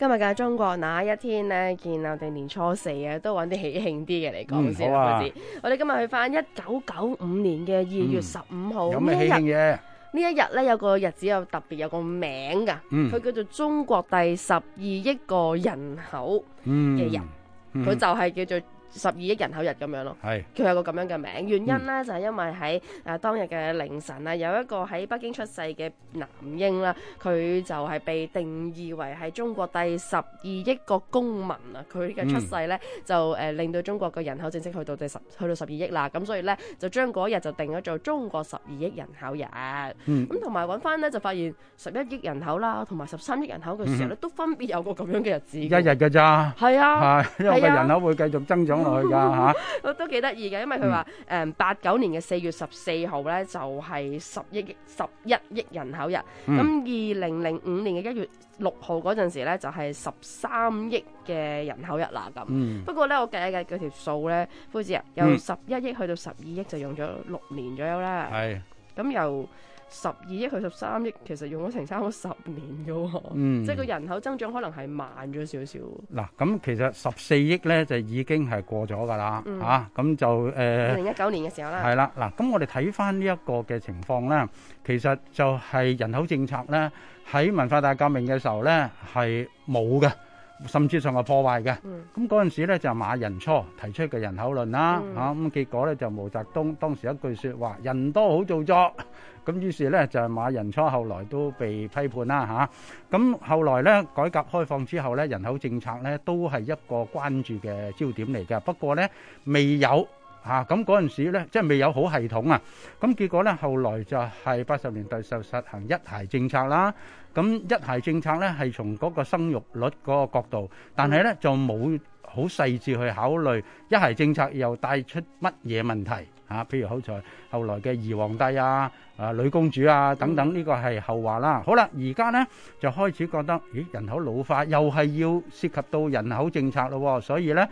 今日嘅中國那一天咧？既我哋年初四啊，都揾啲喜慶啲嘅嚟講先啦，嗰、嗯啊、我哋今日去翻一九九五年嘅二月十五號，咁呢一日，呢一日咧有個日子又特別有個名㗎，佢叫做中國第十二億個人口嘅人，佢、嗯嗯、就係叫做。十二億人口日咁樣咯，係，佢有個咁樣嘅名。原因呢就係因為喺誒當日嘅凌晨啊，有一個喺北京出世嘅男嬰啦，佢就係被定義為係中國第十二億個公民啊！佢嘅出世呢就誒令到中國嘅人口正式去到第十去到十二億啦。咁所以呢，就將嗰日就定咗做中國十二億人口日。咁同埋揾翻呢，就發現十一億人口啦，同埋十三億人口嘅時候咧，都分別有個咁樣嘅日子。一日㗎咋？係啊，因為人口會繼續增長。我 都幾得意嘅，因為佢話誒八九年嘅四月十四號呢，就係十億十一億人口日。咁二零零五年嘅一月六號嗰陣時呢，就係十三億嘅人口日啦。咁、嗯、不過呢，我計一計嗰條數呢，富士、啊、由十一億去到十二億就用咗六年左右啦。咁、嗯、由。十二億去十三億，其實用咗成差唔多十年啫喎，嗯、即係個人口增長可能係慢咗少少。嗱、嗯，咁其實十四億咧就已經係過咗㗎啦，嚇、嗯，咁、啊、就誒。二零一九年嘅時候啦。係啦，嗱，咁我哋睇翻呢一個嘅情況咧，其實就係人口政策咧喺文化大革命嘅時候咧係冇嘅。甚至上係破壞嘅，咁嗰陣時咧就馬寅初提出嘅人口論啦，嚇咁結果咧就毛澤東當時一句説話：人多好做作，咁於是咧就馬寅初後來都被批判啦嚇。咁後來咧改革開放之後咧，人口政策咧都係一個關注嘅焦點嚟嘅。不過咧未有嚇，咁嗰陣時咧即係未有好系統啊。咁結果咧後來就係八十年代就實行一孩政策啦。咁一孩政策咧，係從嗰個生育率嗰個角度，但係咧就冇好細緻去考慮一孩政策又帶出乜嘢問題嚇？譬如好在後來嘅二皇帝啊、啊女公主啊等等，呢個係後話啦。好啦，而家咧就開始覺得咦，人口老化又係要涉及到人口政策咯，所以咧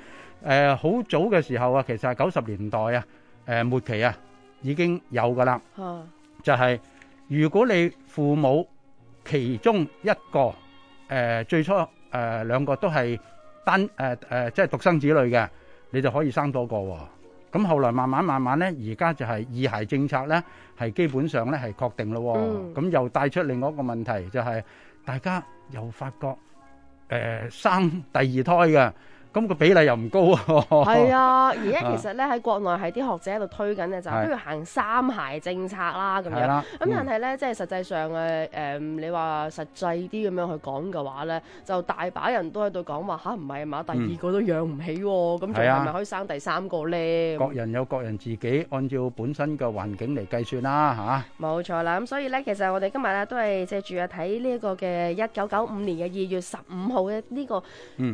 誒好早嘅時候啊，其實係九十年代啊誒末期啊已經有㗎啦，就係如果你父母。其中一個誒、呃、最初誒、呃、兩個都係單誒誒、呃呃、即係獨生子女嘅，你就可以生多個咁、哦、後來慢慢慢慢咧，而家就係二孩政策咧，係基本上咧係確定咯、哦。咁、嗯、又帶出另外一個問題，就係、是、大家又發覺誒、呃、生第二胎嘅。咁個比例又唔高喎、啊。係 啊，而家其實咧喺國內係啲學者喺度推緊嘅就，比如行三孩政策啦咁樣。係啦的。咁但係咧，嗯、即係實際上嘅誒、嗯，你話實際啲咁樣去講嘅話咧，就大把人都喺度講話吓，唔係啊嘛，第二個都養唔起喎、啊，咁仲係咪可以生第三個咧？各人有各人自己，按照本身嘅環境嚟計算啦、啊，吓、啊，冇錯啦，咁所以咧，其實我哋今日咧都係借住啊睇呢一個嘅一九九五年嘅二月十五號嘅呢個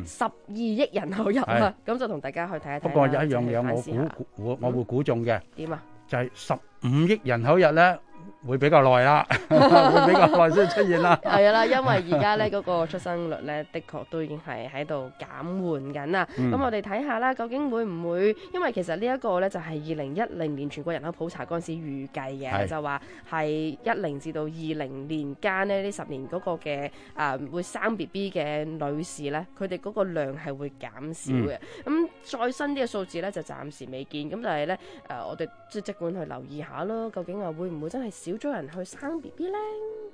十二億人、嗯。嗯、好人口啊，咁的就同大家去睇一睇。不過有一樣嘢，我估我會估中嘅點、嗯、啊，就係十五億人口日咧。會比較耐啦， 會比較耐先出現啦。係啦， 因為而家咧嗰個出生率咧的確都已經係喺度減緩緊啦。咁、嗯、我哋睇下啦，究竟會唔會？因為其實呢一個咧就係二零一零年全國人口普查嗰陣時預計嘅，就話係一零至到二零年間呢，呢十年嗰個嘅誒會生 B B 嘅女士咧，佢哋嗰個量係會減少嘅。咁再新啲嘅數字咧就暫時未見，咁但係咧誒我哋即管去留意下咯，究竟啊會唔會真係？少咗人去生 BB 咧～